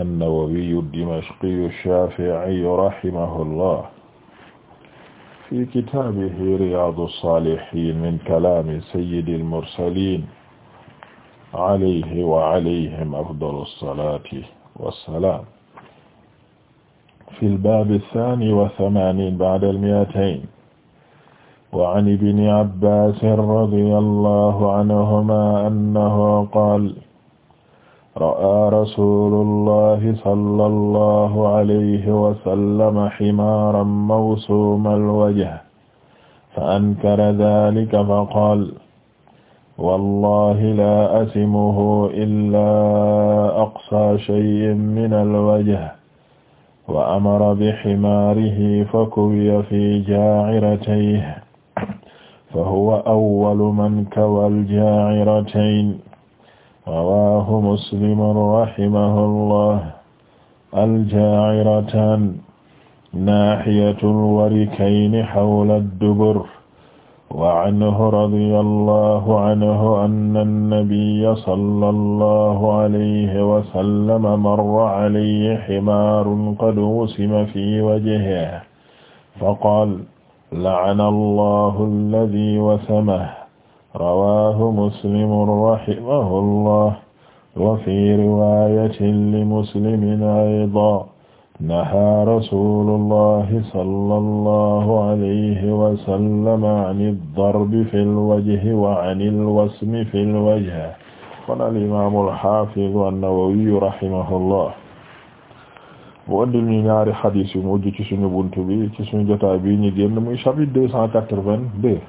an-Nawawi ad-Dimashqi ash-Shafi'i rahimahullah fi kitaabihi Riyaadu s-Saalihiin min kalaami sayyidi l-mursaliin alayhi wa alayhim afdalu s-salaati wa s-salaam fi l-baabi th-thaani wa th-thamaaniin ba'da l-mi'atayn wa 'an ibni Abbaasin radiyallaahu 'anhumaa annahu qaala ra'aa rasuulullahi sallallahu alayhi wa sallam himaaran mawsuumal wajhi fa ankara dhaalika fa qaala wallaahi laa asimuhu illaa aqsaa shay'in minal wajhi wa amara bihimaarihi fa kuwiya fii jaa'iratayhi fa huwa awwalu man kawal jaa'iratayn rawaahu muslimun rahimahullah aljaacirataan naaxiyatul warikayni xawla dubur wa canhu radiyallahu canhu anna nabiyya sallallahu alayhi wa sallam marra calayhi ximaarun qad wusima fi wajhihi faqaala lacana allahu allazii wasamahu rawaahu muslimun rahimahullah wa fi riwaayatin li muslimin aydan nahaa rasuulullahi sallallahu alayhi wa sallam ani darbi fil wajhi wa anil wasmi fil wajhi qaala al-imaamul haafidu an-nawawiyyu rahimahullah mu ëndil ñu ñaari xadiis yu mujj ci suñu buntu bi ci suñu jotaay bi ñu génn muy chapitre deux cent quatre-vingt-deux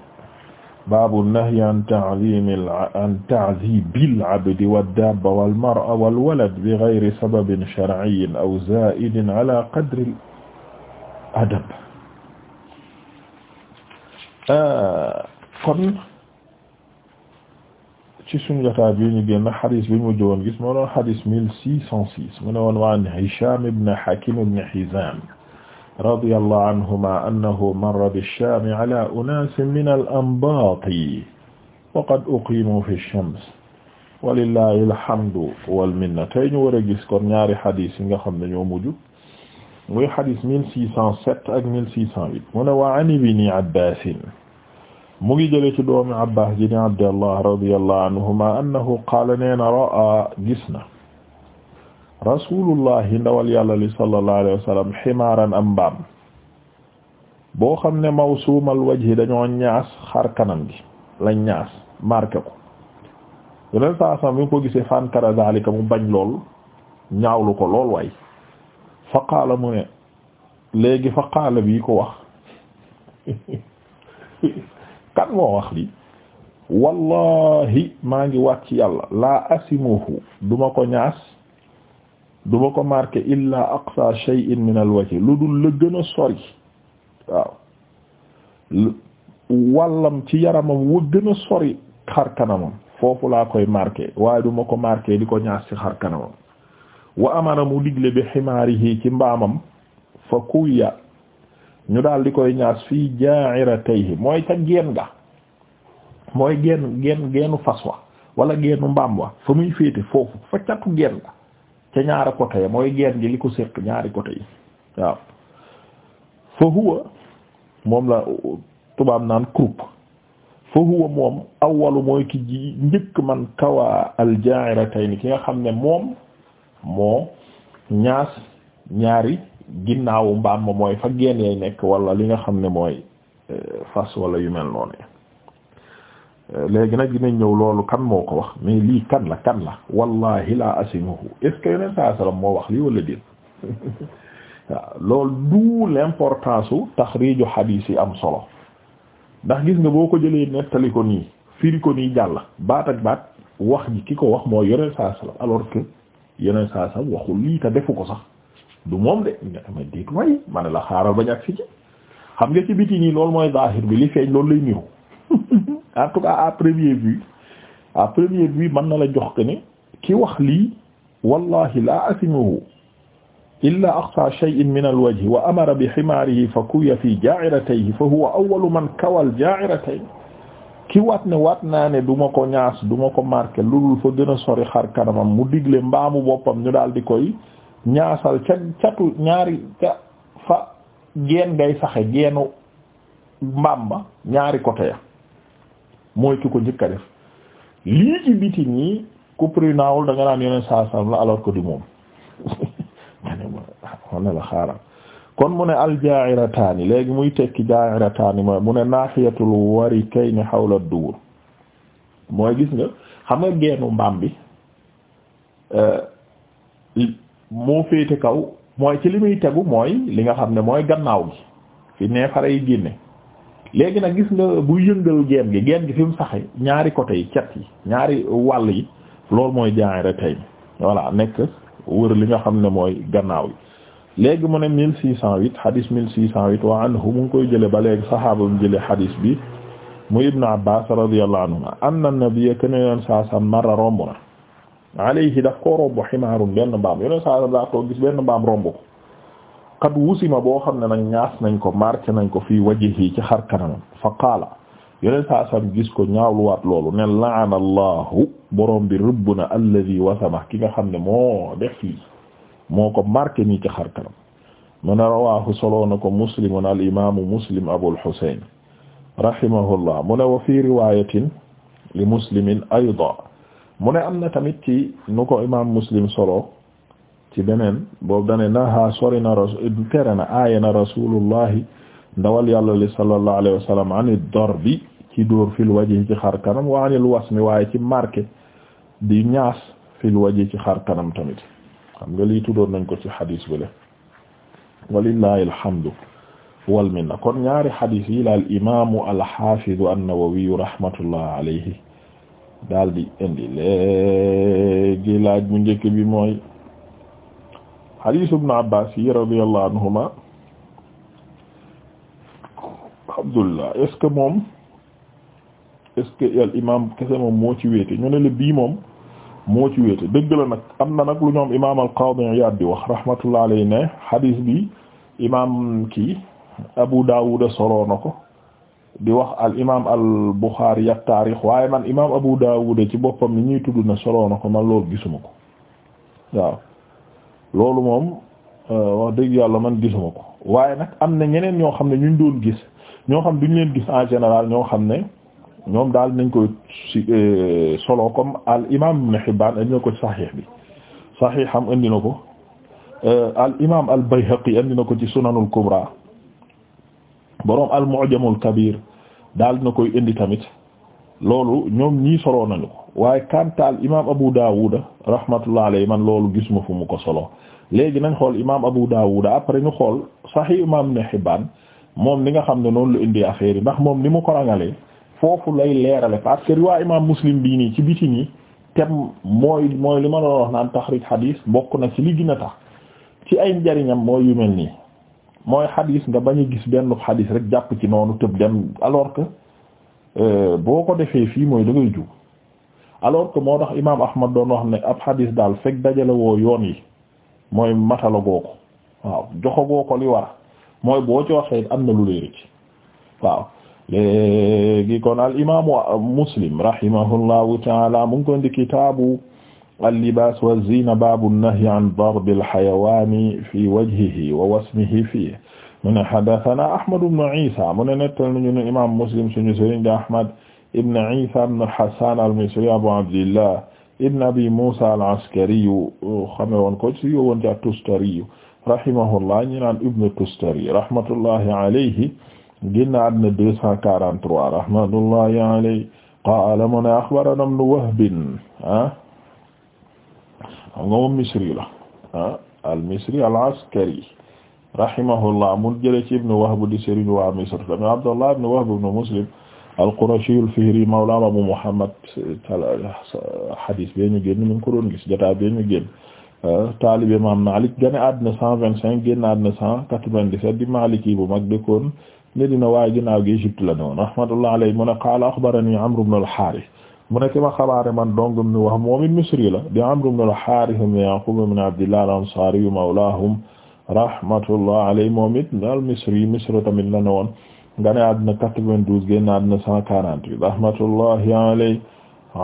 baabu nahyi an ta'ziimil an ta'ziibil abdi wad-daabba wal mar'a wal walad bi ghayri sababin shar'iyyin aw zaa'idin alaa qadril adab. Euh, kon ci sunu jotaay bi ñu génn xadis bi mu jowoon gis moo doon xadis mille six cent radiyallahu anhuma annahu marra bish-Shaam ala unaasin min al-anbaat wa qad uqiimu fi ash-shams walillahi alhamdu wal minna tey ñu war a gis kon ñaari xadis yi nga xam ne ñoo mujj muy xadis mille six cent sept ak mille six cent huit mu ne wa an ibni Abbaasin mu ngi jële ci doomi Abbaas ji ni Abdallah radiyallahu anhuma annahu qaala nee na raa gis na rasulullahi ndawal yàlla li sallallahu alayhi wa sallam ximaaran am mbaam boo xam ne mawsuumal wajhi dañoo ñaas xar kanam gi lañ ñaas marqué ko yeneen saa sam bi nga ko gisee fankara zalika mu bañ lool ñaawlu ko lool waay fa qaala mu ne léegi fa bi bii ko wax kan moo wax li wallahi maa ngi wàcc yàlla laa asimuhu duma ko ñaas duma ko marqué illa aqsa shay'in min al wajh lu dul la gën a sori waaw wàllam ci yaramam wa gën a sori xar kanamam foofu laa koy marqué waaye du ko marqué di ko ñaas ci xar kanamam wa amara mu digle bi ximaarihi ci mbaamam fa kuya ñu daal di koy ñaas fii ja'iratayhi mooy ca geen nga mooy geen geen geenu fas wa wala geenu mbaam wa fa muy féete foofu fa catu geen nga ca ñaari côté ya mooy geen gi li ko séq ñaari côté yi waaw fa huwa moom la tubaab naan croup fa huwa moom awalu mooy ki ji njëkk man kawa alja'iratayni ki nga xam ne moom moo ñaas ñaari ginnaawu mbaam ma mooy fa geen yay nekk wala li nga xam ne mooy eh, fas wala yu mel noonu léegi nag dinañ ñëw loolu kan moo ko wax mais lii kan la kan la wallahi la asimuhu est-ce yeneen saa salaam moo wax lii wala déet waaw loolu du l'importance su taxriiju xadiis yi am solo ndax gis nga boo ko jëlee nettali ko nii firi ko nii jàll baat ak baat wax ji ki ko wax moo yeneen saa salaam alors que yeneen saa salaam waxul lii ta defu ko sax du moom de nga ma déet way ma ne la xaaral ba ak fi ci xam nga ci biti nii loolu mooy zaahir bi li feeñ loolu lay niiw en tout cas à première vue à première vue mën na la jox que ne ki wax lii wallahi la asimuhu illa aqsa shay'in min alwajhi wa amara bi himaarihi fa kuya fi ja'iratayhi fa huwa awwalu man kawal ja'iratayn ki wat ne waat naa ne du ma ko ñaas du ma ko marqué loolu fa gën a sori xar kanamam mu digle mbaamu boppam ñu daal di koy ñaasal ca catu ñaari ca fa geen ngay saxe geenu mbaam ñaari côté mooy ki ko njëkk a def lii ci biti nii ku prinaawul da naan yeneen saa saam la alors que du moom wane ah, la xaaral kon mu ne aljairataani léegi muy tekki jairataani mooy mu ne naaxiyatul warikayni xawla dubur mooy gis nga xam nga geenu mbaam bi euh, moo féete kaw mooy ci li muy tegu mooy li nga xam ne mooy gannaaw gi fi neefare yi génne léegi nag gis nga bu yëngal geen gi geen gi fi mu saxe ñaari côté yi cet yi ñaari wàll yi loolu mooy jaayre tey voilà nekk wër li nga xam ne mooy gannaaw yi léegi mu ne mille six cent huit hadis mille six cent huit wa anhu mu ngi koy jële ba léegi sahaaba mu jële hadis bi mu ibnu abbas radiyallahu anhuma anna nabiyya kene yoon saasam marra romb na alayhi daf koo romb ximaarun benn mbaam yoneen saasam daa toog gis benn mbaam romb ko qad wusima boo xam ne nag ñaas nañ ko marqué nañ ko fii wajhi ci xar kanam fa qaala yeneen saa sam gis ko ñaawluwaat loolu ne laana allahu borom bi rëbb na ki nga xam ne moo def lii moo ko marqué nii ci xar kanam mu rawaahu soloo na ko muslimun al imaamu muslim abul husayn rahimahullah mu ne wa fii riwayatin li muslimin ayda mu ne am na tamit ci nu ko imaam muslim solo ci beneen boobu dane naha sori na ras tere na aaye na rasulullahi ndawal yàlla li sallallahu alayhi wa sallam ani darbi fil waji ci kanam wa anil wasmi waaye ci marqué di ñaas fil waji ci xar kanam tamit xam nga lii tuddoon nañ ko ci xadis bi le walillahi alhamdu wal kon ñaari xadis yi la al imamu alxafidu nawawi rahmatullah alayhi daal di indi léegi laaj bu njëkk bi mooy hadiisu ibnu Abbaas yi radiyallahu anhuma alhamdulillah est moom est-ce al imaam kese moom moo ci wéete ñu ne la moom moo ci wéete dëgg la nag am na nag lu ñoom imaam al-Qaadi Iyaad di wax rahmatullah alayhi ne hadiis bi imaam kii Abu Daawuda soloo na ko di wax al imaam al Buxaari ya taarix waaye man imaam Abu Daawuda ci boppam ni ñuy tudd na soloo na ko man loolu gisuma ko waaw loolu moom euh, wax dëgg yàlla man gisuma ko waaye nag am na ñeneen ñoo xam ne ñu doon gis ñoo xam duñ leen gis en général ñoo xam ne ñoom daal nañ ko si euh, solo comme al imaam ibn Hibbaan indi na ko saxiix bi saxiixam indi na ko euh, al imaam al Bayhaqi indi na ko ci sunanul kubra boroom al mu'jamul kabir daal na koy indi tamit loolu ñoom ñii solo nañu ko waaye kanta al imaam Abu Daawuda rahmatullah alayhi man loolu gisuma fu mu ko solo léegi nañ xool imaam Abu Dawud après ñu xool Sahih imaam Ibn Hibbaan moom li nga xam ne noonu lu indi affaire yi ndax moom ni mu ko rangalee foofu lay leerale parce que riwaa imaam Muslim bii nii ci biti nii tem mooy mooy li ma doon wax naan taxriij xadiis bokk na ci li a tax ci ay njariñam mooy yu mel nii mooy xadiis nga bañ a gis benn xadiis rek jàpp ci noonu tëb dem alors que euh, boo ko defee fii mooy da ngay jug alors que moo tax imaam Ahmad doon wax ne ab xadiis daal fekk dajale woo yoon yi. mooy matala goo ko waaw joxagoo ko li war mooy boo ci waxee am na lu lay rëcc waaw léegi kon al imaamu muslim rahimahullahu taala mu ngi ko indi kitaabu al-libaas wa ziina baabu nahyi an darbi al-hayawaani fi wajhihi wa wasmihi fiihi mu ne haddasanaa Ahmad ibn Iisaa mu ne nettal nañu ne imaam muslim suñu sëriñ Ahmad ibn Iisaa ibn Hassaan al-Misri Abu Abdillah ibn abi Musa al-Askari uh, xame woon ko si yowoon ci at-Tustari rahimahullah ñi naan ibn Tustari rahmatullahi alayhi génn àddina 243 rahmatullahi alayhi qaala mu ne axbarana ibn Wahb ah xam nga moom Misri la ah al-Misri al-Askari rahimahullah mu jële ci ibn Wahb di sëriñ waa Misr tamit Abdullah ibn Wahb ibn Muslim al-Qurashi al-Fihri mawla Abu Muhammad hadith bee ñu génn ñu ngi ko doon gis jotaay bee ñu génn taalibe Imaam Maalik gane àddina cent vingt-cinq génn àddina cent quatre-vingt-dix-sept di Maaliki bu mag dëkkoon Medina waaye ginnaaw gi Égypte la noonu rahmatullahi alayhi mu ne qaala axbaranii Amr ibn al-Haarith mu nekk ma xabaare man dong mi wax moom it Misri la di Amr ibn al-Haarith ibn Yaqub ibn Abdillah al-Ansaari mawlaahum rahmatullahi alayhi moom it al-Misri Misri tamit la noonu gane àddina 92 génn àddina 148 rahmatullahi alayhi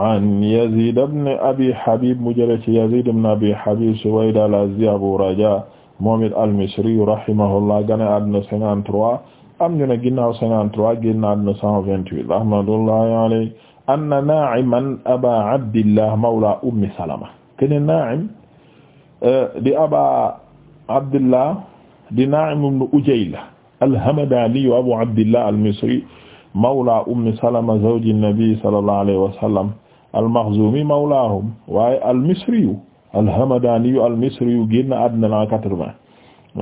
an Yazid ibn Abi Habib mu jële ci Yazid ibn Abi Habib Suwayd al-Azdi Abu Raja moom it al-Misri rahimahullah gane àddina 53 am ñu ne ginnaaw 53 génn àddina 128 rahmatullahi alayhi anna Na'iman Aba Abdillah mawla Ummi Salama kene Na'im eh, di Aba Abdillah di Na'im ibn Ujayla alhamadaniyu abou abdillah almisri mawla ummi salama zawji nabi sallallahu alayhi wa sallam almakhzumi mawlaahum waaye almisriyu alhamadaniyu almisriyu génn àddina la quatre-vingt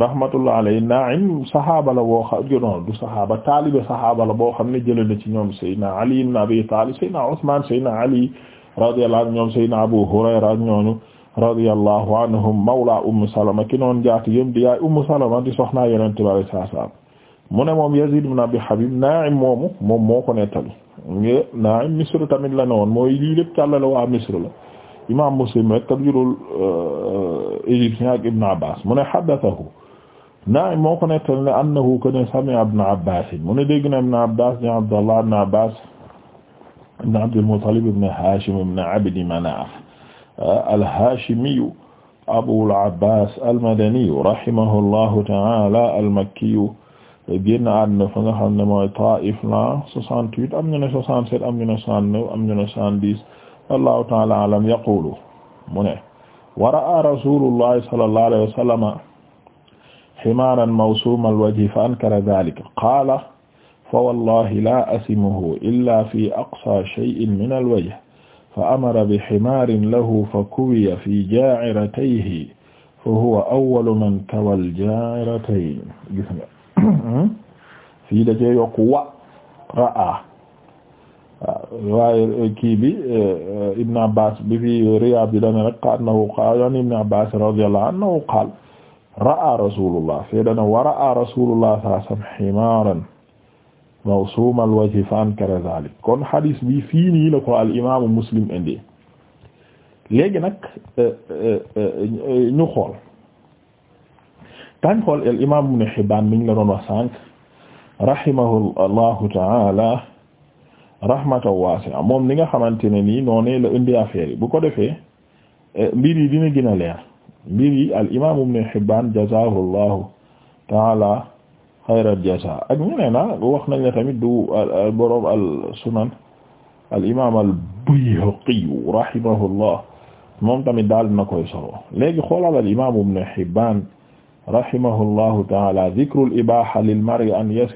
rahmatullah alayhi naim sahaaba la boo xam jonoon du sahaaba taalibe sahaaba la boo xam ne jële na ci ñoom saydna ali ibn abi talib saydna usman saydna ali radiyallahu anhu ñoom saydna abu hurayra ak ñooñu radiyallahu anhum mawla ummu salama ki noon jaati yëm di yaay ummu salama di soxnaa yonente bi alayhi salaam mu ne moom Yazid ibn Abi Habib Naa'im moomu moom moo ko nettali nga Naa'im Misr tamit la ne woon mooy lii lépp càllale waa Misr la imaam Muslim rek tab jurul euh, égyptien ak Ibn Abbas mu ne haddathahu Naa'im moo ko nettali ne annahu kana sami'a Ibn Abbas mu ne dégg na Ibn Abbas ni Abdallah ibn Abbas ibn Abdul Muttalib ibn Hashim ibn Abdi Manaf euh, al-Hashimiyu Abul Abbas al-Madaniyu rahimahullahu ta'ala al-Makkiyu génn àdduna fa nga xam ne mooy Taif la 68 am ñu ne 67 am ñu ne 69 am ñu ne 70 wallahu ta'ala alam yaqulu mu ne wa ra'a rasulullahi sallallahu alayhi wa sallama himaran mawsumal wajhi fa ankara dhalika qala fa wallahi la asimuhu illa fi aqsa shay'in min alwajh fa amara bi himarin lahu fa kuwiya fi ja'iratayhi fa huwa awwalu man kawal ja'iratayn gis nga fii da cee yokk wa raa waaw waaye eh, kii bi eh, Ibn Abbas bi fi Riyaad bi dana rek annahu qaala yani Ibn Abbas radiyallahu anhu qaala ra'a rasulullah fii dana wa ra'a rasulullah sallallahu alayhi wa sallam himaaran mawsuuma al-wajhi fa ankara zaalik kon hadis bi fii nii la ko al imaamu Muslim indi léegi nag eh, ñu xool. daañ xool al imam ibn Hibbaan mi ñu la doon wax sànq rahimahullahu taala rahmatan waasi'a moom ni nga xamante ne nii noonu la indi affaire yi bu ko defee mbir yi dina gën a leer mbir yi al imam ibn Hibbaan jazaahullahu taala xayral jazaa ak ñeneen a ah, wax nañ la tamit du borom al sunan al imam al Bayhaqi rahimahullah moom tamit daal dina koy solo léegi xoolal al imam ibn Hibbaan rahimahullahu taala dhikru al-ibaha lil mar'i euh,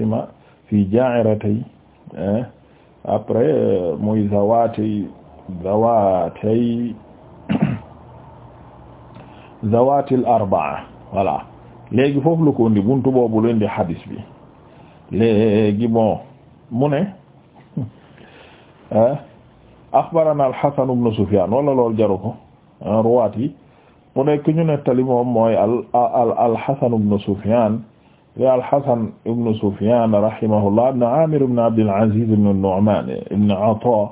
arbaa voilà léegi foofu la ko indi buntu hadis bi léegi bon mu ne axbarana al-Hasan ibn Sufyan wala lool jaru ko mu nekk ñu nettali moom mooy al al alxasan ibn Sufyan li alxasan ibn Sufyan rahimahullah ibn Amir ibn Abdul Aziz ibn Nu'man ibn Ata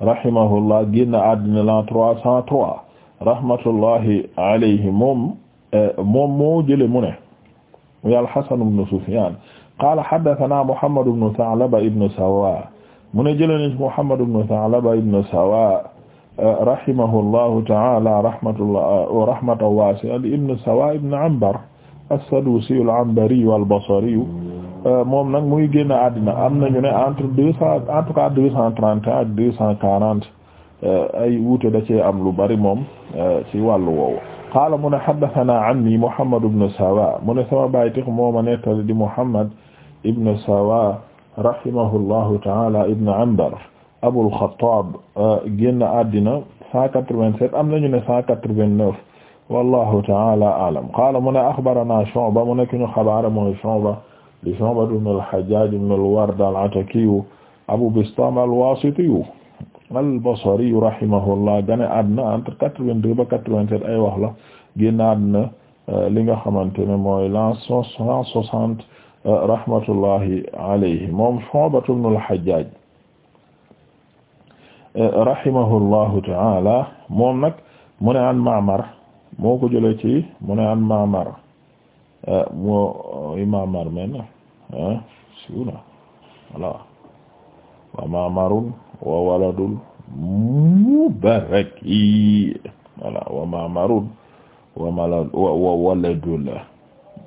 rahimahullah génn àddina la trois cent trois rahmatullahi alayhi moom eh, moom moo jële mu ne li alxasan ibn Sufyan qaala haddathana Muhammad ibn Tha'laba ibn Sawa mu ne jële ni Muhammad ibn Tha'laba ibn Sawa rahimahullahu ta'ala rahmatullah uh, wa rahmatan wasi'a li ibn Sawa ibn Anbar as-Sadusi al-Anbari wal-Basri uh, moom nag muy génn àddina am nañu ne entre deux cent en tout cas deux cent trente et un ak deux cent quarante uh, ay wuute da cee am lu bari moom ci wàllu woowu qaala mu ne haddathana anni Muhammad ibn Sawa mu ne sama baytix mooma nettali di Muhammad ibn Sawa rahimahullahu ta'ala ibn Anbar Abul Xattaab ah, génn àddina 187 am nañu ne 189 wallaahu ta'aala a'lam qaala mu ne axbaranaa Shu'ba mu ne ki ñu xabaar mooy Shu'ba di Shu'ba ibn al-Hajjaaj ibn al-Ward al-Atakiyu Abu Bistaam al-Waasitiyu al-Basriyu rahimahullah génn àddina entre 82 ba 87 ay wax la génn àddina ah, li nga xamante ne mooy l'an 160 ah, rahmatullahi alayhi moom Shu'ba ibn al-Hajjaaj rahimahullahu ta'ala moom nag mu ne an Ma'mar moo ko jëlee ci mu ne an Ma'mar moo Ma'mar men ah, siwna wala wa Ma'marun wa waladul mubaraki wala wa Ma'marun wa waladul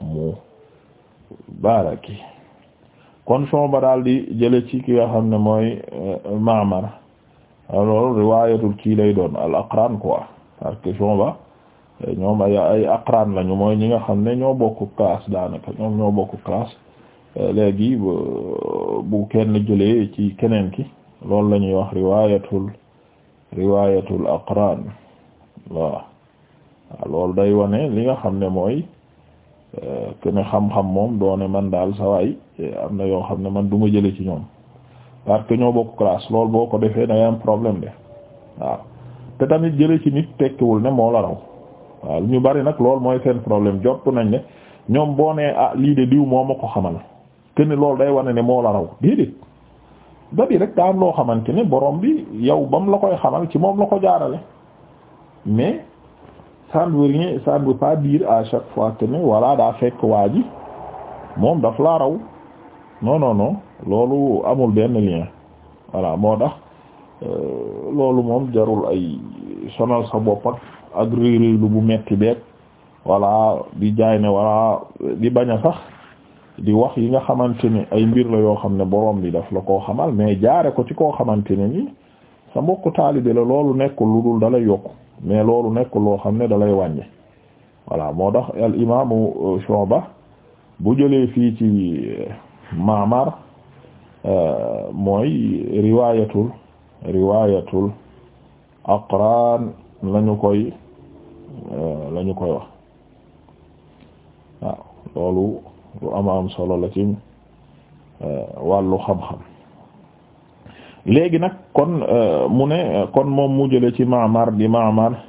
mubaraki kon sooba daal di jëlee ci ki nga xam ne mooy eh, Ma'mar alors riwaayatul kii lay doon al ko quoi parce que Shu'ba ñoom ay ay lañu mooy ñi nga xam ne ñoo bokk classe daanaka ñoom ñoo bokk classe léegi bu kenn jëlee ci keneen ki loolu la ñuy wax riwaayatul riwaayatul aqran waaw ah, loolu day wane li nga xam ne mooy kenn euh, xam-xam moom doone man daal sawaay eh, am na yoo xam ne man du ma jële ci ñoom parce que ñoo bokk classe lool boo ko defee da am problème de waaw te tamit jëlee ci nit tekkiwul ne moo la raw waaw ñu bari nag loolu mooy seen problème jottu nañ ne ñoom boo nee ah lii de diw moom ma ko xamal te ne loolu day wane ne moo la raw déedéet ba bi rek daa am loo xamante ne boroom bi yow bam la koy xamal ci moom la ko jaarale mais ça ne veut rien ça ne veut pas dire à chaque fois que ne voilà daa fekk waa ji moom daf laa raw non non non. loolu amul benn lien voilà moo dax euh, loolu moom jarul ay sonal sa bopp ak ak lu bu metti beeg voilà di jaay ne voilà di bañ a sax di wax yi nga xamante ne ay mbir la yoo xam ne borom bi daf la koo xamal mais jaare ko ci koo xamante ne ni sa mbokku taalibe la loolu nekkul lu dul dalay yokk mais loolu nekkul loo xam ne dalay wàññi voilà moo tax al imaamu Shuba bu jëlee fii ci Maamar Euh, mooy riwaayatul riwaayatul aqraan lañu koy euh, lañu koy wax loolu lu ama solo la ci euh, wàllu xam-xam léegi nag kon ne kon moom mu jële ci Ma'mar di Ma'mar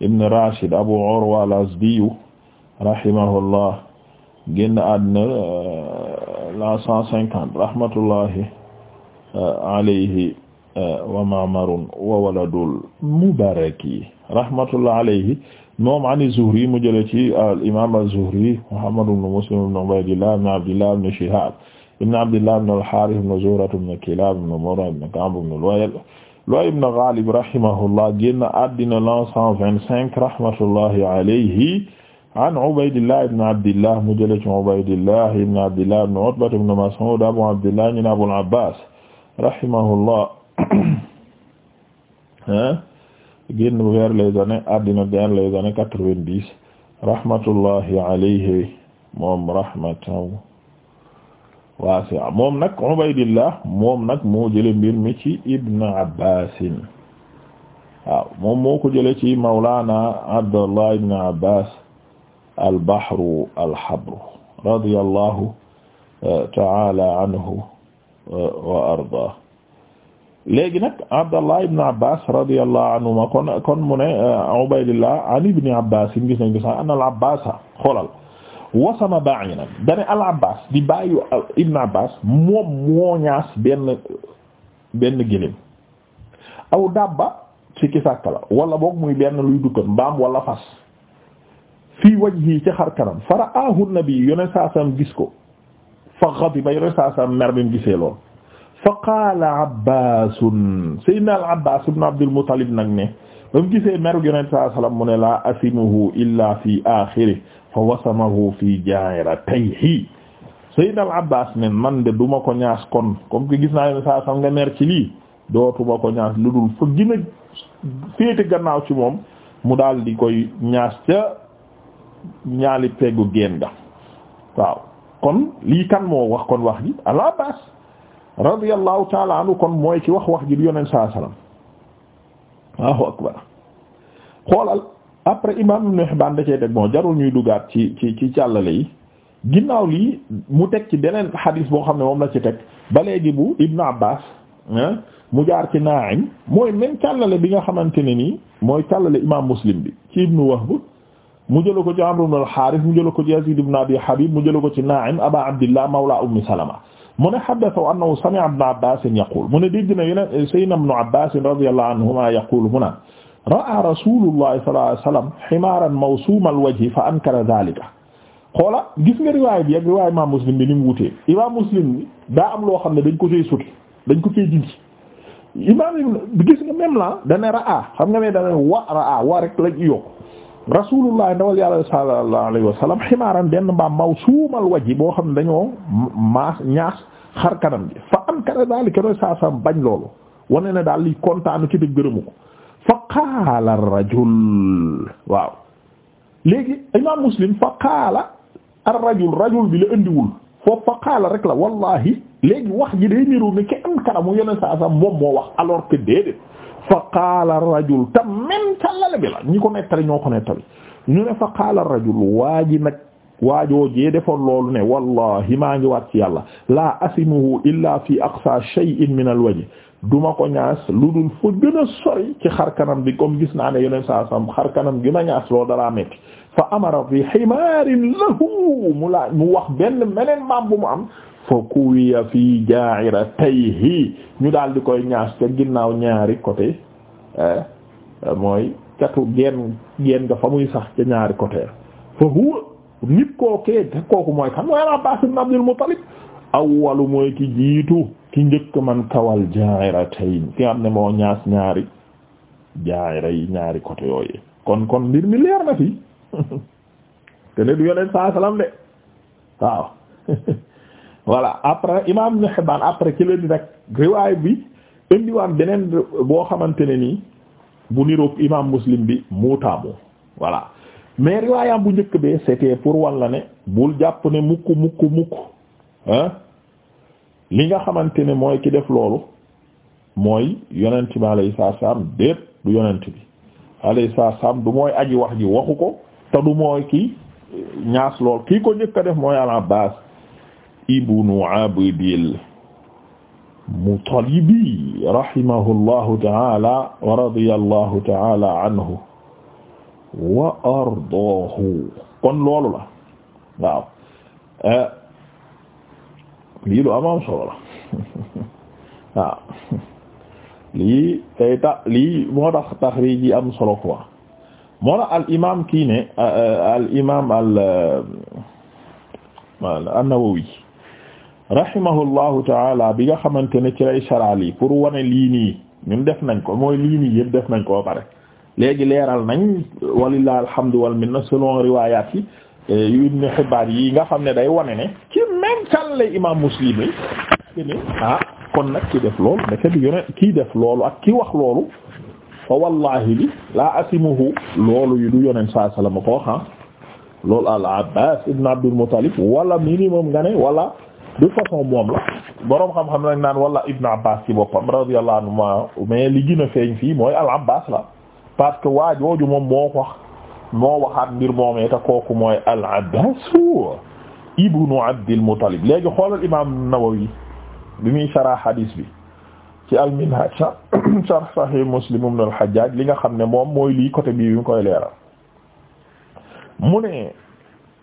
ibn Rashid Abu Urwa al-Azdi rahimahullah génn àddina la cent cinquante rahmatullahi euh, alayhi euh, wa ma'marun wa waladul mubaraki rahmatullahi alayhi moom an Zuhri mu jële ci al-imam az-Zuhri Muhammad ibn Muslim ibn Ubaydillah ibn Abdillah ibn Shihab ibn Abdillah ibn al-Harith ibn Zuhra ibn Kilab ibn Murra ibn Ka'b ibn Lu'ay Lu'ay ibn Ghalib rahimahullah génn àddina l'an cent vingt-cinq rahmatullahi alayhi an Ubaydillah ibn Abdillah mu jëlee ci Ubaydillah ibn Abdillah ibn Utba ibn Mas'ud Abu Abdillah ñu ne Abul Abbas rahimahullah génn vers les années addina vers les années quatre-vingt-dix rahmatullahi alayhi moom rahmatan waasi'a moom nag Ubaydillah moom nag moo jëlee mbir mi ci Ibn Abbas waaw moom moo ko jëlee ci Mawlana Abdullah ibn Abbas albahru alhabru radiyallahu eh, taala anhu eh, wa arda léegi nag abdallah ibne abbas radiallahu anhuma kon kon mu ne eh, ubaydillah an ibni abbas yin gis nañ gis na an al abbasa xoolal wasama ba'inan dane al abbas di bàyyu ibne abbas moom mooñaas benn benn gilim aw dabba ci ki sàkk la wala boog muy benn luy dukkat mbaam wala fas fii wajhi ci xar kanam faraahu nabi yoneen saa gis ko fa ghadiba yoneen saa saam mer bi mu gisee lool fa qaala abbaasun sayyidina al abbaas ibn abdul muttalib nag ne ba mu gisee meru yoneen saa salaam mu ne la asimuhu illaa fi aaxiri fa wasamahu fi jaaratayhi sayyidina al abbaas ne man de duma ko ñaas kon comme que gis naa yoneen saa saam nga mer ci lii dootuma ko ñaas lu dul fa gannaaw ci moom mu daal di koy ñaas ca ñaali peegu génn ga waaw kon lii kan moo wax kon wax ji al Abbaas radiyallahu taala kon mooy ci wax wax ji di yonent sallallahu alayhi wasallam waaw akbar xoolal après imam Ibn Hibbaan da cee teg moo jarul ñuy dugaat ci ci ci càllale yi ginnaaw lii mu teg ci beneen xadiis boo xam ne moom la ci teg ba léegi bu Ibn Abbaas mu jaar ci Naa'im mooy même càllale bi nga xamante ne nii mooy càllale imam Muslim bi ci Ibn Wahb mu jëla ko ci Amr ibn mu jëla ko ci Yazid ibn Abi Habib mu jëla ko ci Na'im Aba Abdillah mawla Ummi Salama mu ne haddathahu annahu sami'a Ibn Abbas yaqul mu ne dégg na yeneen Sayyidina Ibn Abbas radiyallahu anhuma yaqulu mu naan ra'a Rasulullah sallallahu alayhi wasallam himaran mawsuma al-wajhi fa ankara dhalika xoola gis nga riwaay bi ak riwaay Imam Muslim bi ni mu wutee Imam Muslim bi daa loo xam ne dañ ko cay suti dañ ko cay dindi imam bi gis nga même la dana ra'a wa ra'a wa rek lañ yokk rasulullah ndawal yàlla sallallahu alayhi wa sallam ximaaran benn mbaam mawsuumal waji boo xam ne dañoo maas ñaas xar kanam bi fa ankara daalika doy saa sam bañ loolu wane ne daal li kontaanu ci dëgg gërëmu ko fa qaala ar-rajul waaw léegi imaam muslim fa qaala ar-rajul rajul bi la andiwul foofu fa xaala rek la wallahi léegi wax ji day niru ni ki am kanamu yeneen saa sa moom moo wax alors que déedéet fa qaala rajul te même càllale bi ñi ko nettali ño ko nettali ñu ne fa qaala rajul waa ji nag waajoo jee defoon loolu ne wallahi maa ngi waat ci yàlla laa asimuhu illa fi aqsa shay'in min al wajh duma ko ñaas lu dul fa gën a sori ci xar kanam bi comme gis naa ne yeneen saa sam xar kanam gi ma ñaas loolu daraa metti fa amara bi ximaarin lahu mu laaj mu wax benn meneen maam bu mu am fa kuwiya fii jaa'iratayhi ñu daal di koy ñaas ca ginnaaw ñaari côté eh, mooy catu geen geen nga fa muy sax ca ñaari côté fa huwa nit kookee te kooku mooy kan mooy al-Abbaas Abdul Muttalib awwalu mooy ki jiitu ki njëkk man kawal jaa'iratayn ki am ne moo ñaas ñaari jaa'ira yi ñaari côté yooyu kon kon mbir mi leer na fi te ne du yonent saa salaam de waaw voilà après imam Ibn Hibbaan après ci rek riwaay bi indiwaan beneen boo xamante ne nii bu niroog imam Muslim bi mu taamu voilà mais riwaayam bu njëkk bee c'était pour wan la ne bul jàpp ne mukk mukk mukk li nga xamante ne mooy ki def loolu mooy yonent bi alayhi salaam déet du yonent bi alayhi salaam du mooy aji wax ji waxu ko te du mooy ki ñaas lool kii ko njëkk a def mooy al-Abbaas ibnu Abdil Muttalibi rahimahullahu ta'ala wa radiyallahu ta'ala anhu wa ardaahu kon loolu la waaw eh, lii lu am solo la waaw lii tey ta lii moo tax taxriij yi am solo quoi moo la al imaam kii ne al imaam euh, al an-Nawawi rahimahullahu taala bi nga xamante ne ci lay saraal yi pour wane lii nii ñun def nañ ko mooy lii nii yëpp def nañ ko ba pare léegi leeral nañ walillahi alhamdu wal minna selon riwaayaat yi yu euh, Ibn yi nga xam ne day wane ne ci même kan lay imaam Muslim yi ah, kon nag ki def loolu ndeke du yone kii def loolu ak ki wax loolu fa wallahi li laa asimuhu loolu yi du yonent saa salama koo xam loolu al abbas ibn abdul muttalib wala minimum nga ne wala de façon moom la boroom xam-xam nag naan wala ibn abbas ci boppam radiyallahu anhuma mais li gën a feeñ fii mooy al abbas la parce que waa jooju moom moo wax moo waxaat mbir moomee te kooku mooy al abbas ibnu abdul muttalib léegi xoolal imam nawawi bi muy sarah hadis bi ci al-Minhaj sharh Sahih Muslim ibn al-Hajjaj li nga xam ne moom mooy lii côté bii bi mu koy leeral mu ne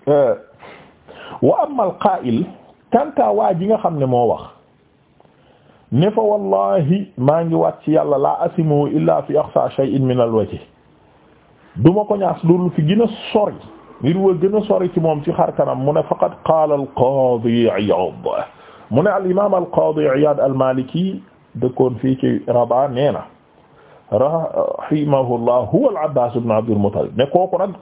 euh, wa amma al kanta waa ji nga xam ne moo wax ne fa wallahi maa ngi wat ci yàlla la asimu illaa fi axsa shay'in min al-wajh duma ko ñaas loolu fi gën a sori ngir wa gën a moom ci xar kanam mu ne faqad al-qaadi Iyaad mu al-imaam al-qaadi Iyaad al-Maaliki dëkkoon fii ci Rabat nee na rahimahullah huwa al-Abbaas ibn Abdul Muttalib mais kooku nag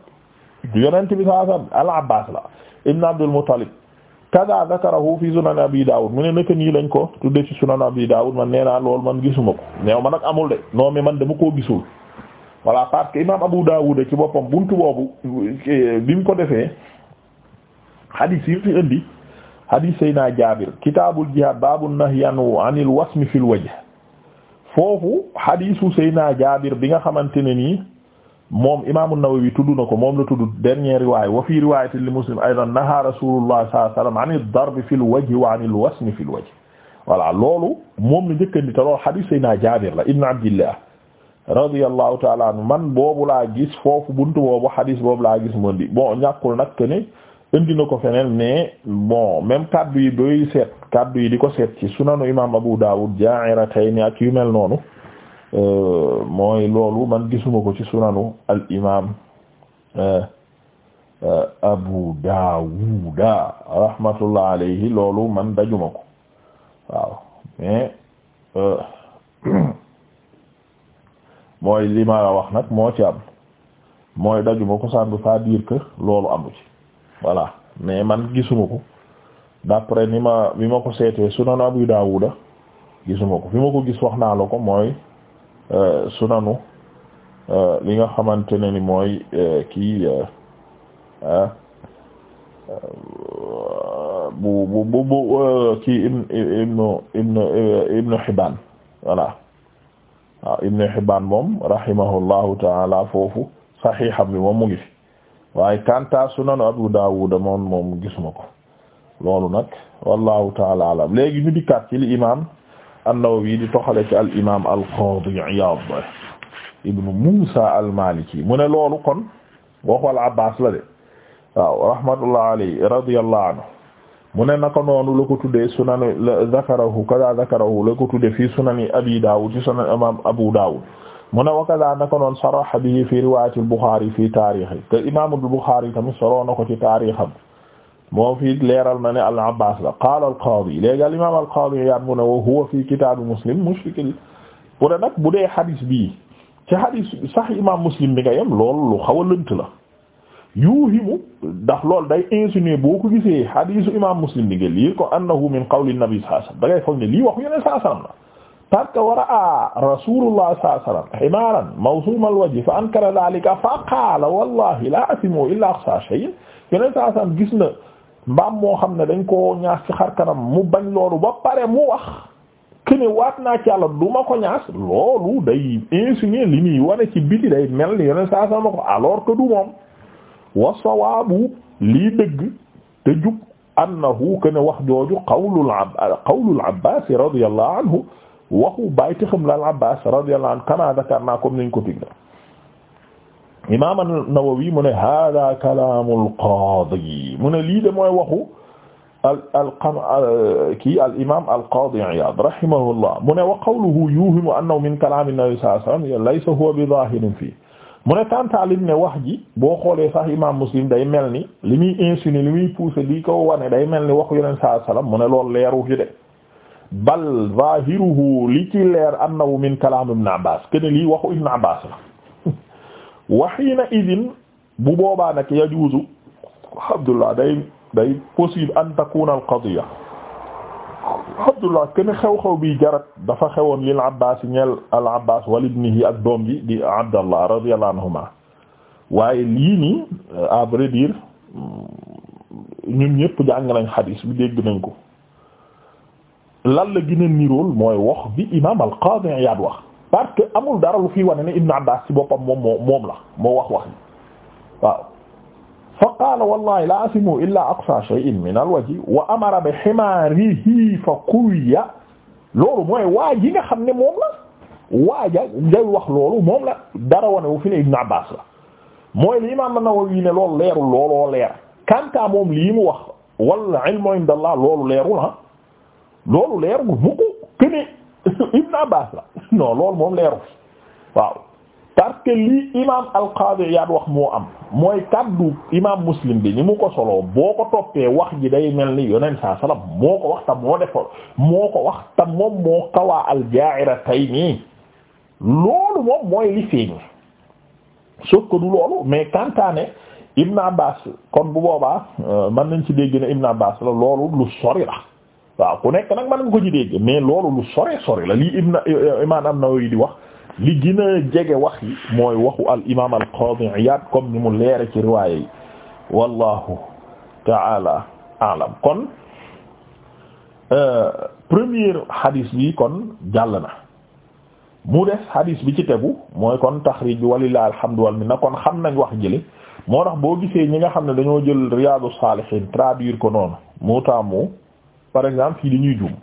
yonent bi saa sax al-Abbaas la ibn Abdul Muttalib kada zakarahu fi sunan Abi Daawud mu ne naka nii lañ ko tudde ci sunan Abi Daawud man nee naa man gisuma ko neew ma nag amul de non mais man dama koo gisul voilà parce que imaam Abu Daawud ci boppam buntu boobu bi mu ko defee hadith yi fi indi hadis sayna Jaabir kitaabul jihaad baabun nahyi anil wasmi fil wajh foofu hadisu sayna Jaabir bi nga xamante ne nii moom imaamu Nawawi tudd na ko moom la tudd dernier riwaaya wa fii riwaayatin li Muslim aydan nahaa rasuulullaah sallallaahu alayhi wa sallam anid darbi fil wajhi wa anil wasmi fil wajh voilà loolu moom la njëkkandi te loolu hadis sayna Jaabir la ibn Abdillah radiyallaahu ta'aala anhu man boobu laa gis foofu buntu boobu hadis boobu laa gis moom di bon ñàkkul nag que ni indi na ko feneen mais bon même kàddu yi doy seet kaddu yi di ko seet ci sunanu imam Abu Dawud Jaa'iratayni ak yu mel noonu euh, mooy loolu man gisuma ko ci sunanu al imam euh, euh, Abu Dawud rahmatullah alayhi loolu man dajuma ko waaw mais mooy li wax nag moo ci am mooy dajuma ko ça ne veut pas dire loolu amu ci voilà mais man gisuma ko d'après ni ma bi ma ko seetee sunanu Abu Daawuda gisuma ko fi ma ko gis wax naa la ko mooy euh, sunanu euh, li nga xamante ne ni mooy euh, kii bu bu bu bu kii ibn ibn ibn ibn Hibbaan voilà waaw ah, ibn Hibbaan moom rahimahullahu taala foofu saxiixam bi moom mu ngi waaye kanta sunan Abu Dawud moom moom gisuma ko loolu nag wallahu taala alam léegi ñu dikkaat ci li imam an-Nawawi di toxale ci al imam al Qadi Iyad ibnu Musa al Maliki mu ne loolu kon waxu al Abbas la de waaw rahmatullah alayhi radiyallahu anhu mu ne naka noonu la ko tuddee sunan zakarahu kaza zakarahu la ko sunani abi Dawud ci sunan Abu Dawud mu ne wakada naka noon saraha bihi fi riwayatil Bukhari fi taarixi te imaamul Bukhari tamit soloo na ko ci taarixam moo fi leeral na ne al-Abbaas la qaala al-qaadi léegi al imaam al-qaadi Iyaad mu ne wa huwa fi kitaabi Muslim mushkil pour nag bu dee hadis bii ci hadis sax imaam Muslim bi nga lool lu xaw a lënt la yuuhimu ndax loolu day insinuer boo ko gisee hadisu imaam Muslim bi nga lii ko annahu min qawli nabi sallallahu alayhi wasallam da ngay foog ne lii waxu parce que war a a rasulullah sallallahu alayhi wa sallam himaran alwaji fa ankara dhalika fa qaala wallahi la asimu illa aqsa shay'in yeneen saa gis na mbaam moo xam ne dañ ko ñaas ci xar mu bañ loolu ba pare mu wax kene waat naa ci yàlla du ma ko ñaas loolu day insinuer li muy wane ci biti day mel ni yeneen saa sam ko alors que wa sawaabu lii dëgg te jub annahu kene wax jooju qawlul qawlul abbas radiyallahu anhu waxu bàyyi te xam la al-Abbaas radiyallahu anhu kama dhakarna comme niñ ko digle imaam an-Nawawi mu ne hada kalaamu al-qaadi mu ne lii de mooy waxu al al kii al imaam al-qaadi Iyaad rahimahullah mu ne wa qawluhu yuhimu annahu min kalaami an-nabi sallallahu alayhi wa sallam laysa huwa bi zaahirin fii mu ne tantaalim ne wax ji boo xoolee sax imaam Muslim day mel ni li muy insinuer li muy pousser li ko wane day mel ni waxu Yonent sallallahu alayhi wa sallam mu ne loolu leeru fi de. bal zahiruhu li ci leer annahu min kalaam ibn abbas kene lii waxu ibn abbas la wa hiina idin bu boobaa nag yajuuzu abdullah day day possible an takuna al qadiya abdullah kene xew-xew bi jarat dafa xewoon lil abbas ñeel al abbas wal ibnihi ak doom ji di abdallah radiyallahu anhuma waaye lii nii à vrai dire ñun ñëpp jàng nañ xadiis bi dégg nañ ko lan la gën a nirool mooy wax bi imaam al-Qaadi Iyaad wax parce que amul dara lu fi wane ne Ibn Abbaas ci boppam moom moo moom la moo wax wax waaw fa qaala wallahi la asimu illa aqsa shay'in min al-wajhi wa amara bi himaarihi fa kuwiya loolu mooy waaj yi nga xam ne moom la waaja ngay wax loolu moom la dara wane wu fi ne Ibn Abbaas la mooy li imaam an-Nawawi ne loolu leerul looloo leer kanta moom lii mu wax wal ilmu inda Allah loolu leerul ha ah. loolu leerul mukk këne Ibn Abbas la non loolu moom leerul waaw parce que imaam al-Qaadi Iyaad wax moo am mooy kaddu imaam Muslim bi ni mu ko soloo boo ko toppee wax ji day mel ni yoneen saa moo ko wax tam moo defoo moo ko wax tam moom moo kawaa al-Jaa'iratayni loolu moom mooy li feeñ sauf du loolu mais kantaane Ibn Abbas kon bu boobaa euh, mën nañ ci dégg ne Ibn Abbas la loolu lu sori la. waaw ku nekk nag mën nga ko ci dégg mais loolu lu sore sore la lii ibna eh, eh, imaam an-Nawawi di wax li gën jege wax yi mooy waxu al imaam al Qaadi comme ni mu leere ci riwaaya yi wallahu taala alam kon euh, premier hadis bi kon jàll na mu des hadis bi ci tegu mooy kon taxriij bi walilah alhamdu wal minna kon xam nañ wax jële moo tax boo gisee ñi nga xam ne dañoo jël Riyaadu Saalihiin traduire ko noonu mu taamu par exemple fii dañuy juum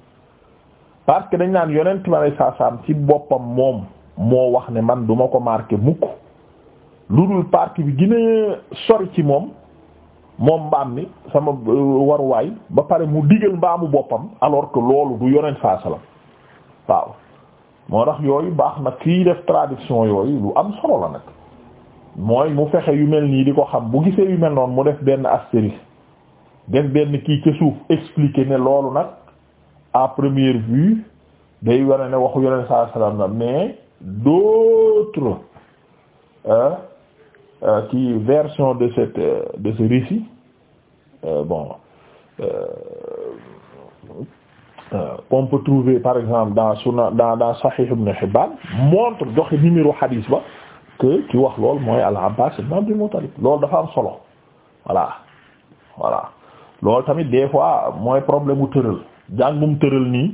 parce que dañ naan yonent ma lay saasaam ci boppam moom moo wax ne man duma ko marqué mukk lu dul park bi gën a sori ci moom moom mbaam mi sama euh, waruwaay ba pare mu digal mbaamu boppam alors que loolu du yonent saa la waaw moo tax yooyu baax na kii def traduction yooyu lu am solo la nag mooy mu fexe yu mel nii di ko xam bu gisee yu mel noonu mu def benn astérisque def benn kii ca suuf expliquer loolu nag à première vue day wone ne waxu yonent saa salaam na mais d'autres euh, qui version de cette euh, de ce récit euh, bon qu'on peut trouver par exemple dans su dans dans Sahih Ibn Hibban montre joxe numéro hadis ba que ki wax lool mooy Al-Abbas ibn Abdul Muttalib loolu dafa am solo voilà voilà loolu tamit des fois mooy problème mu tëral jàngum tëral nii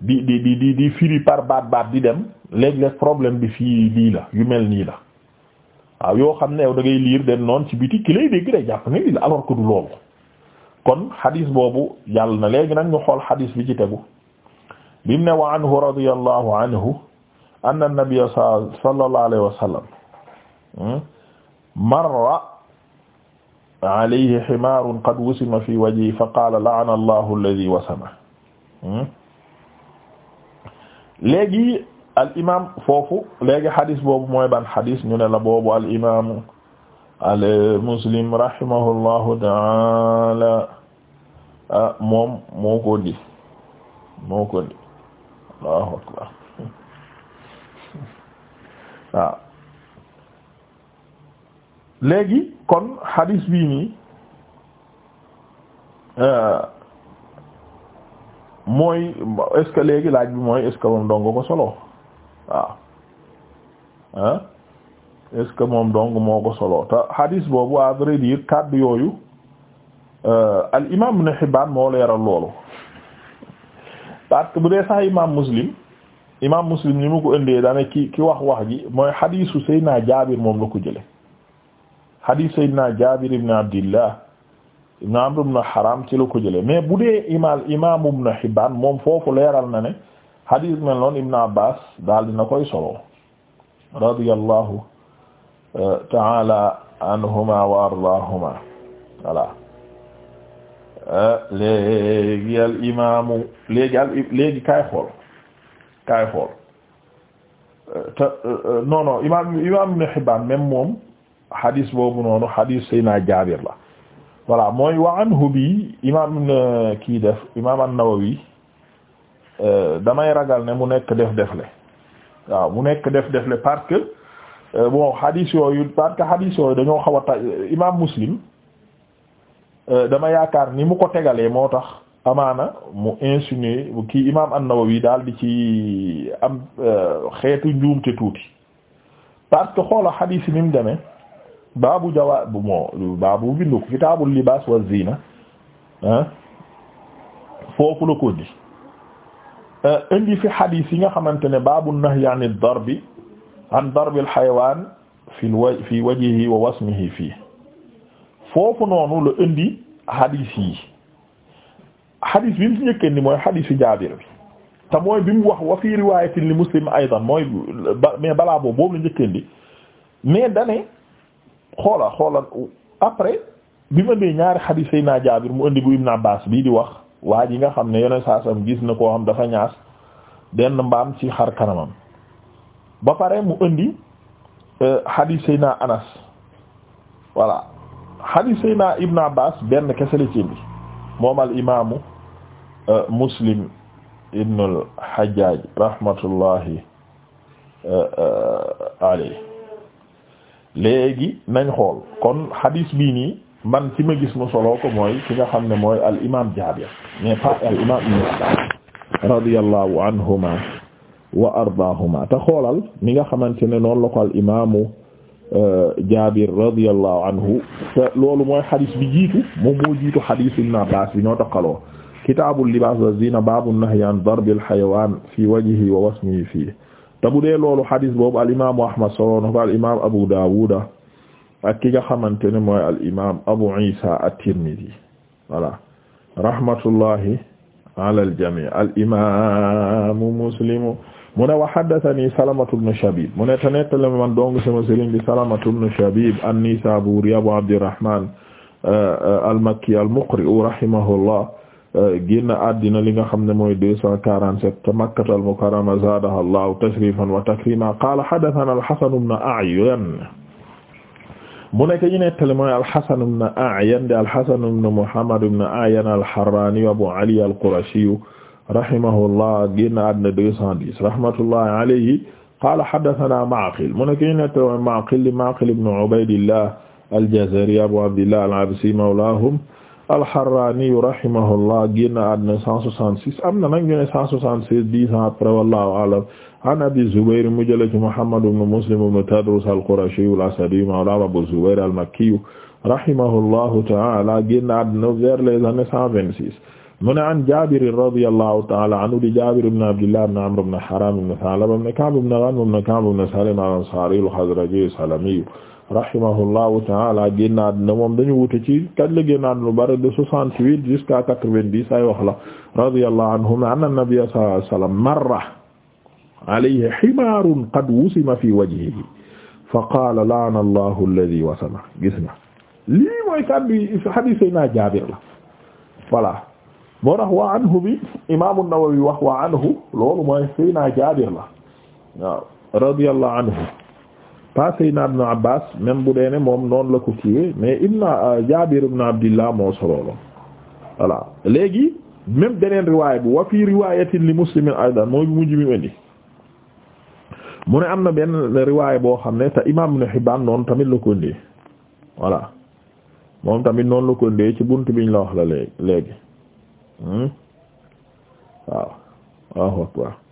di di di di di par baat baat di dem léeg-léeg problème bi fii lii la yu mel nii la waaw yoo xam ne yow da ngay liir dem noonu ci biti ki lay dégg day jàpp ne lii alors que du loolu kon xadis boobu jàll na léegi nag ñu xool xadis bi ci tegu bi mu ne wa anhu radiyallahu anhu anna nabiyya sallallahu alayhi wa sallam hmm, marra alayhi himaarun qad wusima fi wajhihi fa qaala la'ana allahu alladhi wasama léegi al imaam foofu léegi xadis boobu mooy ban xadis ñu ne la boobu al imaam al muslim rahimahullahu taala ah, moom moo ko di moo ko di allahu akbar waaw ah. léegi kon hadis bii nii euh, mooy est léegi laaj bi mooy est-ce que moom dong ko solo waaw ah est-ce que moom dong moo ko solo te hadis boobu à vrai dire kaddu yooyu euh, al imaam Ibn Hibbaan moo leeral loolu parce que bu dee sax imaam Muslim imaam Muslim ni mu ko indee daanaka ki ki wax wax ji mooy hadisu Seydina Jaabir moom la ko jële hadith sayyidina Jaabir ibn Abdillah ibn Amr ibn Haram ci la ko jëlee mais bu dee imaam imaam Ibn Hibbaan moom foofu leeral na ne hadith mel noonu Ibn Abbaas daal dina koy solo radiyallahu uh, ta'ala anhuma wa ardaahuma voilà uh, léegi al imaamu léegi al léegi kaay xool kaay xool uh, te non non imaam imaam Ibn Hibbaan même moom. xadis boobu noonu xadis Seydina Jaabir la voilà mooy wa anhu bi imaam euh, kii def imaam an-Nawawi euh, damay ragal ne mu nekk def defle waaw mu nekk def defle parce que euh, bon xadis yooyu parce que xadis yooyu dañoo xaw a ta imaam Muslim dama yaakaar ni mu ko tegalee moo tax amaana mu insinué kii imaam an-Nawawi daal di ci am xeetu njuumte tuuti parce que xoola xadis yi ni mu demee. baabu jawab bon baabu bindu ko kitaabul libaas wa zina ah, foofu la ko eh, fi hadith nga xamante ne baabu nahyi an ad-darbi an darbi al-hayawaan fi l fi wajhihi wa foofu noonu la indi hadith yi hadith bi mu ci mooy hadith Jaabir bi mooy bi wax wa fi riwaayatin li Muslim aydan mooy mais balaa boobu boobu la njëkk xoola xoola après bi ma dee ñaari xadiis Seydina Jaabir mu indi bu Ibn Abbas bii di wax waa ji nga xam ne yeneen saa sam gis na koo xam dafa ñaas benn mbaam ci xar kanamam ba pare mu indi euh, xadiis Seydina Anas voilà xadiis Seydina Ibn Abbas benn kese la ci moom al imaamu euh, Muslim ibn al Hajjaaj rahmatullahi euh, alayhi léegi nañ xool kon hadis bii nii man ci ma gis mu ko mooy ki nga xam ne mooy al imam Jaabir mais pas al imam ibn Abbas anhuma wa ardaahuma te xoolal mi nga xamante ne noon la ko al imamu euh, Jaabir radiyallahu anhu loolu mooy hadis bi jiitu moom moo jiitu hadis ibn Abbas bi ñoo taqaloo kitaabul libaas wa zina babu nahyi an darbil xayawaan fi wajhihi wa wasmihi te bu dee loolu xadis boobu al imaamu ahmad solo na ko al imaam abu daawuda ak ki nga xamante ne mooy al imaam abu isa at-tirmidhi voilà rahmatullahi ala al jamii al imaamu muslimu mu ne wa haddathani salamatu ibn shabib mu ne te nettale man dong sama sëriñ bi salamatu ibn shabib an-nisaburi abu abdirrahman euh, euh, al makki al muqri rahimahullah génn àddina li nga xam ne mooy deux cent quarante-sept ca Makkatal Mukarrama zaadaha Allahu tashrifan wa takrima qaala hadathana al-Hasan ibn A'yan mu nekk ñu nettali mooy al-Hasan ibn A'yan di al-Hasan ibn Muhammad ibn A'yan al-Harrani Abu Ali al-Qurashi rahimahullah génn àddina deux cent dix rahmatullahi alayhi qaala hadathana Ma'qil mu nekk ñu nettali mooy Ma'qil di Ma'qil ibn Ubaydillah al-Jazari Abu Abdillah al-Absi mawlahum alxarraaniyu rahimahullah génn àddina 166 am na nag ñu ne 176 10 ans après wallahu a'lam an abi zubair mu jële ci muhammad ibn muslim ibn tadrus al-qurashiyu al-asadiyu mawla abu zubair al-makkiyu rahimahullahu ta'ala génn àddina vers les années 126 mu ne an jabir radiyallahu ta'ala anhu di jabir ibn abdillah ibn amr ibn haram ibn tha'laba ibn ka'b ibn ghanm ibn ka'b ibn salim al-ansari al-khazraji salamiyu rahimahullahu taala génn àddina moom dañu wute ci kañ la génn àddina lu bari de soixante-huit jusqu'à quatre-vingt-dix ay wax la radiyallahu anhum anna nabiyya sallallahu alayhi wasallam marra alayhi himaarun qad wusima fi wajhihi fa qaala la'ana allahu alladhi wasama gis na lii mooy kàddu hadiis naa Jaabir la voilà moo tax wa anhu bi imaamu Nawawi wax wa anhu loolu mooy Seydina Jaabir la waaw radiyallahu anhu pas Seydina Ibn Abbas même bu dee ne moom noonu la ko kiiwee mais Ibn euh, Jaabir ibn Abdillah moo soloolo voilà léegi même beneen riwaay bu wa fii riwaayatin li muslimin aydan mooy bu mujj mi indi mu ne am na benn riwaay boo xam ne te imaam Ibn Hibbaan noonu tamit la ko indee voilà moom tamit noonu la ko indee ci bunt biñ la wax la léegi léegi hmm? waaw waaw waaw